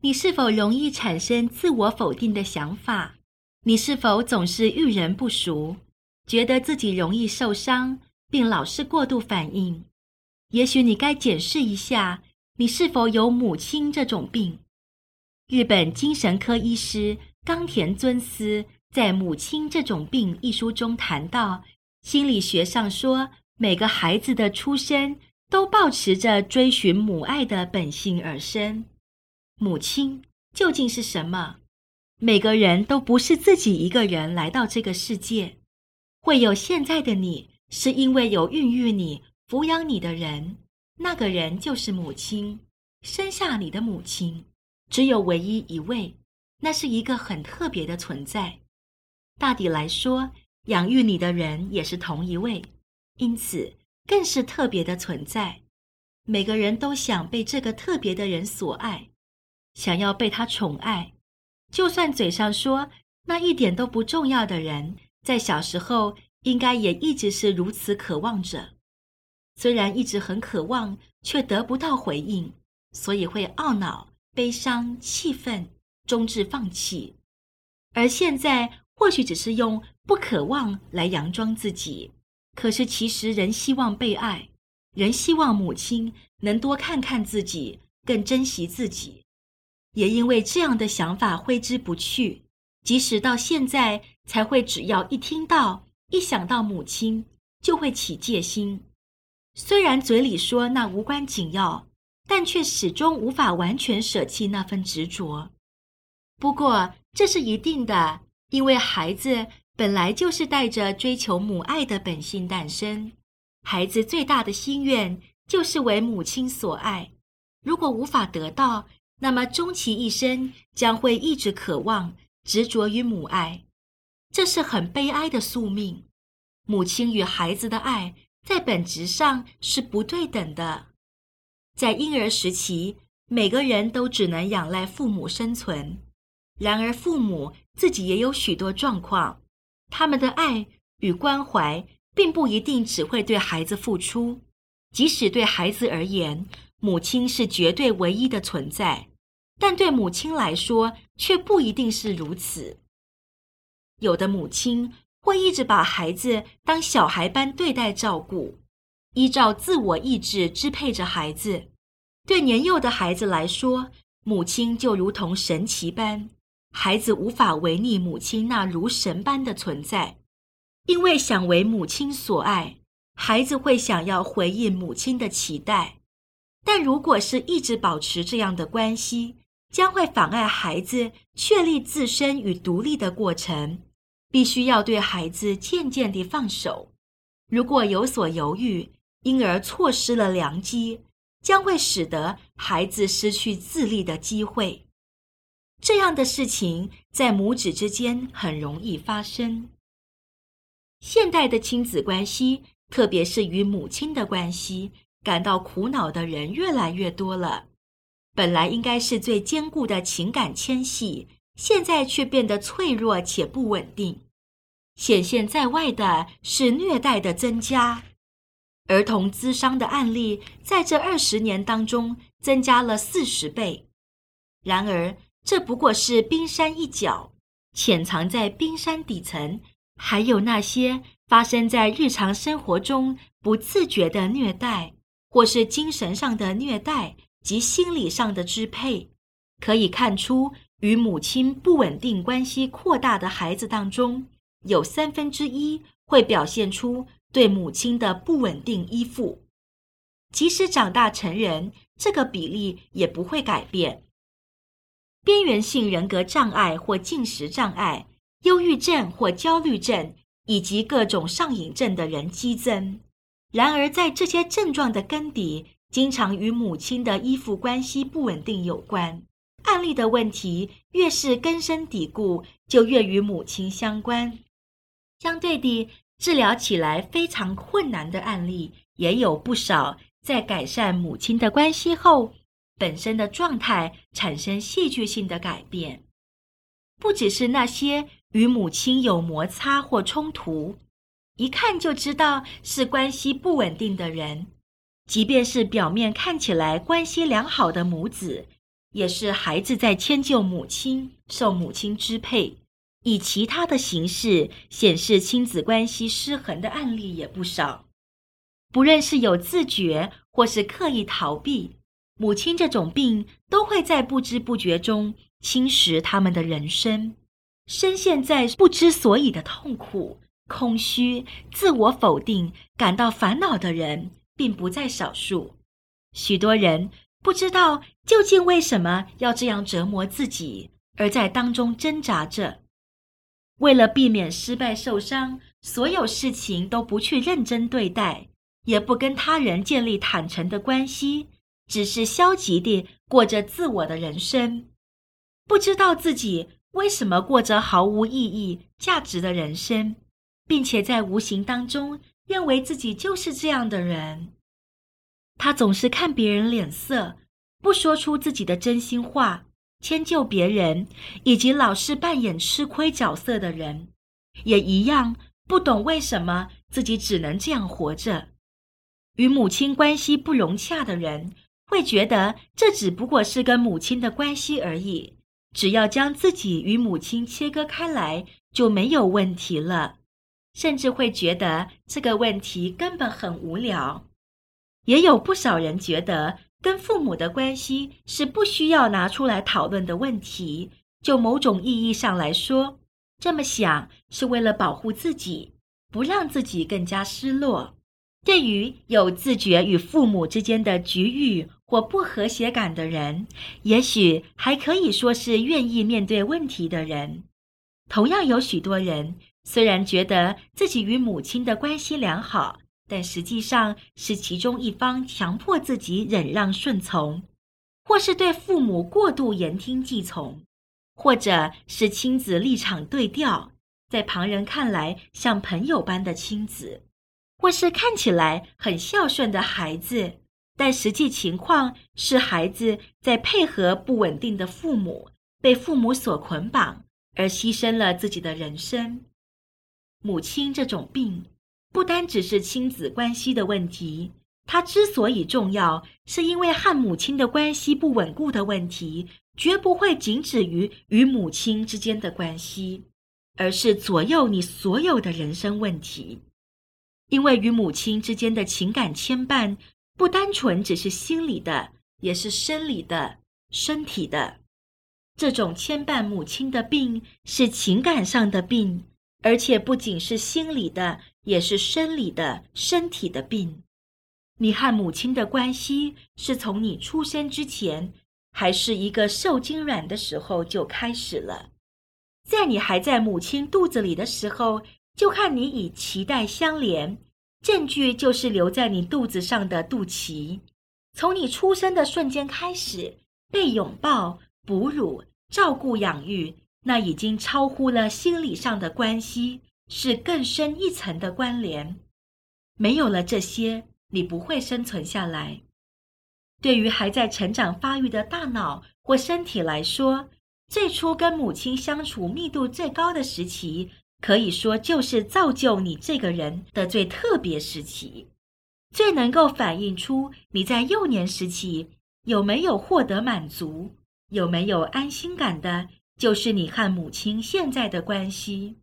你是否容易產生自我否定的想法？你是否總是遇人不淑，覺得自己容易受傷，並老是過度反應？也許你該檢視一下，你是否有母親這種病。日本精神科醫師岡田尊司在《母親這種病》一書中談到，心理學上說，每個孩子的出生都抱持着追尋母愛的本性而生。母親究竟是什麼？每個人都不是自己一個人來到這個世界，會有現在的你，是因為有孕育你、撫養你的人，那個人就是母親，生下你的母親。只有唯一一位，那是一個很特別的存在。大抵來說，養育你的人也是同一位，因此更是特別的存在。每個人都想被這個特別的人所愛，想要被他寵愛。就算嘴上說那一點都不重要的人，在小時候應該也一直是如此渴望着。雖然一直很渴望，卻得不到回應，所以會懊惱。悲傷、氣憤，終至放棄。而現在，或許只是用不渴望來佯裝自己，可是其實仍希望被愛，仍希望母親能多看看自己，更珍惜自己。也因為這樣的想法揮之不去，即使到現在才會，只要一聽到、一想到母親，就會起戒心。雖然嘴裡說那無關緊要。但卻始終無法完全捨棄那份執着。不過這是一定的，因為孩子本來就是帶着追求母愛的本性誕生。孩子最大的心願就是為母親所愛。如果無法得到，那麼終其一生將會一直渴望、執着於母愛。這是很悲哀的宿命。母親與孩子的愛在本質上是不對等的。在嬰兒時期，每個人都只能仰賴父母生存。然而，父母自己也有許多狀況，他們的愛與關懷並不一定只會對孩子付出。即使對孩子而言，母親是絕對唯一的存在，但對母親來說，卻不一定是如此。有的母親會一直把孩子當小孩般對待照顧。依照自我意志支配着孩子。對年幼的孩子來說，母親就如同神祇般，孩子無法違逆母親那如神般的存在。因為想為母親所愛，孩子會想要回應母親的期待。但如果是一直保持這樣的關係，將會妨礙孩子確立自身與獨立的過程。必須要對孩子漸漸地放手。如果有所猶豫，因而錯失了良機，將會使得孩子失去自立的機會。這樣的事情在母子之間很容易發生。現代的親子關係，特別是與母親的關係，感到苦惱的人越來越多了。本來應該是最堅固的情感牽繫，現在卻變得脆弱且不穩定。顯現在外的是虐待的增加。兒童諮商的案例，在這二十年當中增加了四十倍。然而，這不過是冰山一角，潛藏在冰山底層，還有那些發生在日常生活中不自覺的虐待，或是精神上的虐待及心理上的支配。可以看出，與母親不穩定關係擴大的孩子當中，有三分之一會表現出。對母親的不穩定依附，即使長大成人，這個比例也不會改變。邊緣性人格障礙或進食障礙、憂鬱症或焦慮症以及各種上癮症的人激增。然而，在這些症狀的根底，經常與母親的依附關係不穩定有關。案例的問題越是根深蒂固，就越與母親相關。相對地，治療起來非常困難的案例也有不少，在改善母親的關係後，本身的狀態產生戲劇性的改變。不只是那些與母親有摩擦或衝突，一看就知道是關係不穩定的人，即便是表面看起來關係良好的母子，也是孩子在遷就母親，受母親支配，以其他的形式顯示親子關係失衡的案例也不少，不論是有自覺或是刻意逃避，母親這種病都會在不知不覺中侵蝕他們的人生。深陷在不知所以的痛苦、空虛、自我否定、感到煩惱的人，並不在少數。許多人不知道究竟為什麼要這樣折磨自己，而在當中掙扎着。為了避免失敗受傷，所有事情都不去認真對待，也不跟他人建立坦誠的關係，只是消極地過着自我的人生。不知道自己為什麼過着毫無意義、價值的人生，並且在無形當中認為自己就是這樣的人。他總是看別人臉色，不說出自己的真心話。遷就別人，以及老是扮演吃虧角色的人，也一樣不懂為什麼自己只能這樣活着。與母親關係不融洽的人，會覺得這只不過是跟母親的關係而已，只要將自己與母親切割開來就沒有問題了，甚至會覺得這個問題根本很無聊。也有不少人覺得。跟父母的關係是不需要拿出來討論的問題，就某種意義上來說，這麼想是為了保護自己，不讓自己更加失落。對於有自覺與父母之間的局域或不和諧感的人，也許還可以說是願意面對問題的人。同樣有許多人，雖然覺得自己與母親的關係良好。但實際上，是其中一方強迫自己忍讓順從，或是對父母過度言聽計從，或者是親子立場對調，在旁人看來像朋友般的親子，或是看起來很孝順的孩子，但實際情況是，孩子在配合不穩定的父母，被父母所捆綁，而犧牲了自己的人生。母親這種病。不單只是親子關係的問題，它之所以重要，是因為和母親的關係不穩固的問題，絕不會僅止於與母親之間的關係，而是左右你所有的人生問題。因為與母親之間的情感牽絆，不單純只是心理的，也是生理的、身體的。這種牽絆母親的病，是情感上的病。而且不僅是心理的，也是生理的、身體的病。你和母親的關係是從你出生之前，還是一個受精卵的時候就開始了。在你還在母親肚子裡的時候，就看你與臍帶相連，證據就是留在你肚子上的肚臍。從你出生的瞬間開始，被擁抱、哺乳、照顧、養育。那已經超乎了心理上的關係，是更深一層的關聯。沒有了這些，你不會生存下來。對於還在成長發育的大腦或身體來說，最初跟母親相處密度最高的時期，可以說就是造就你這個人的最特別時期，最能夠反映出你在幼年時期有沒有獲得滿足，有沒有安心感的。就是你和母親現在的關係。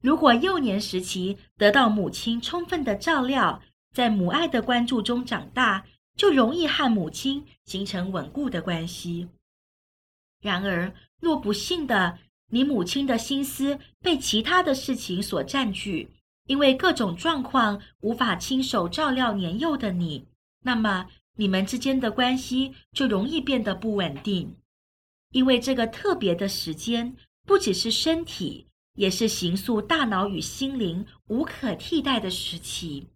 如果幼年時期得到母親充分的照料，在母愛的關注中長大，就容易和母親形成穩固的關係。然而，若不幸的，你母親的心思被其他的事情所佔據，因為各種狀況無法親手照料年幼的你，那麼你們之間的關係就容易變得不穩定。因為這個特別的時間不只是身體，也是形塑大腦與心靈無可替代的時期，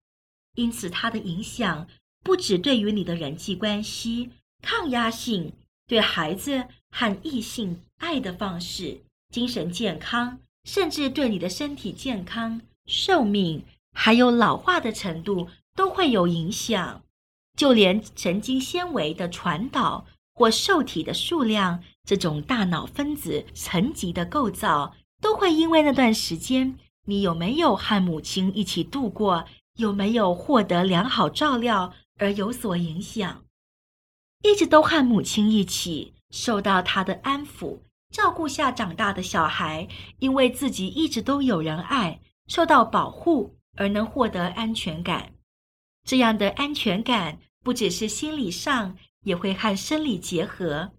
因此它的影響不只對於你的人際關係、抗壓性、對孩子和異性愛的方式、精神健康，甚至對你的身體健康、壽命，還有老化的程度都會有影響，就連神經纖維的傳導。或受體的數量，這種大腦分子層級的構造，都會因為那段時間你有沒有和母親一起度過，有沒有獲得良好照料而有所影響。一直都和母親一起，受到她的安撫照顧下長大的小孩，因為自己一直都有人愛，受到保護而能獲得安全感。這樣的安全感，不只是心理上。也會和生理結合，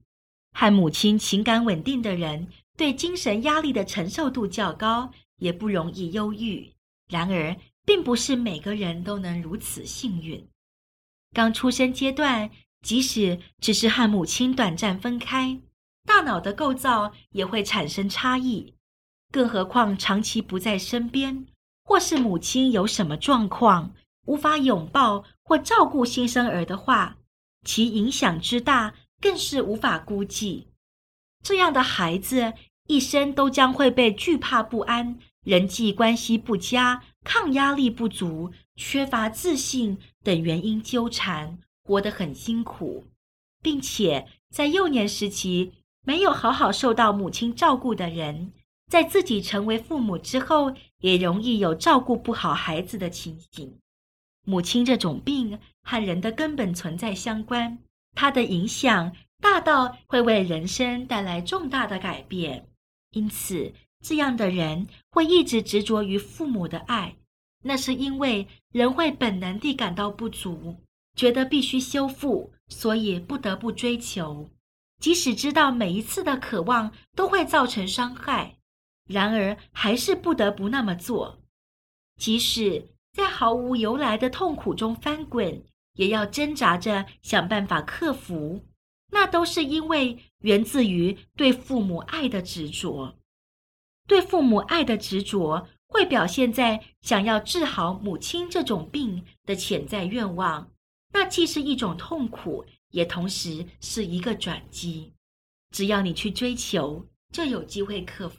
和母親情感穩定的人，對精神壓力的承受度較高，也不容易憂鬱。然而，並不是每個人都能如此幸運。剛出生階段，即使只是和母親短暫分開，大腦的構造也會產生差異。更何況長期不在身邊，或是母親有什麼狀況，無法擁抱或照顧新生兒的話。其影響之大，更是無法估計。這樣的孩子一生都將會被懼怕、不安、人際關係不佳、抗壓力不足、缺乏自信等原因糾纏，活得很辛苦。並且，在幼年時期沒有好好受到母親照顧的人，在自己成為父母之後，也容易有照顧不好孩子的情形。母親這種病和人的根本存在相關，它的影響大到會為人生帶來重大的改變。因此，這樣的人會一直執着於父母的愛，那是因為人會本能地感到不足，覺得必須修復，所以不得不追求。即使知道每一次的渴望都會造成傷害，然而還是不得不那麼做，即使。在毫無由來的痛苦中翻滾，也要掙扎着想辦法克服。那都是因為源自於對父母愛的執着。對父母愛的執着，會表現在想要治好母親這種病的潛在願望。那既是一種痛苦，也同時是一個轉機。只要你去追求，就有機會克服。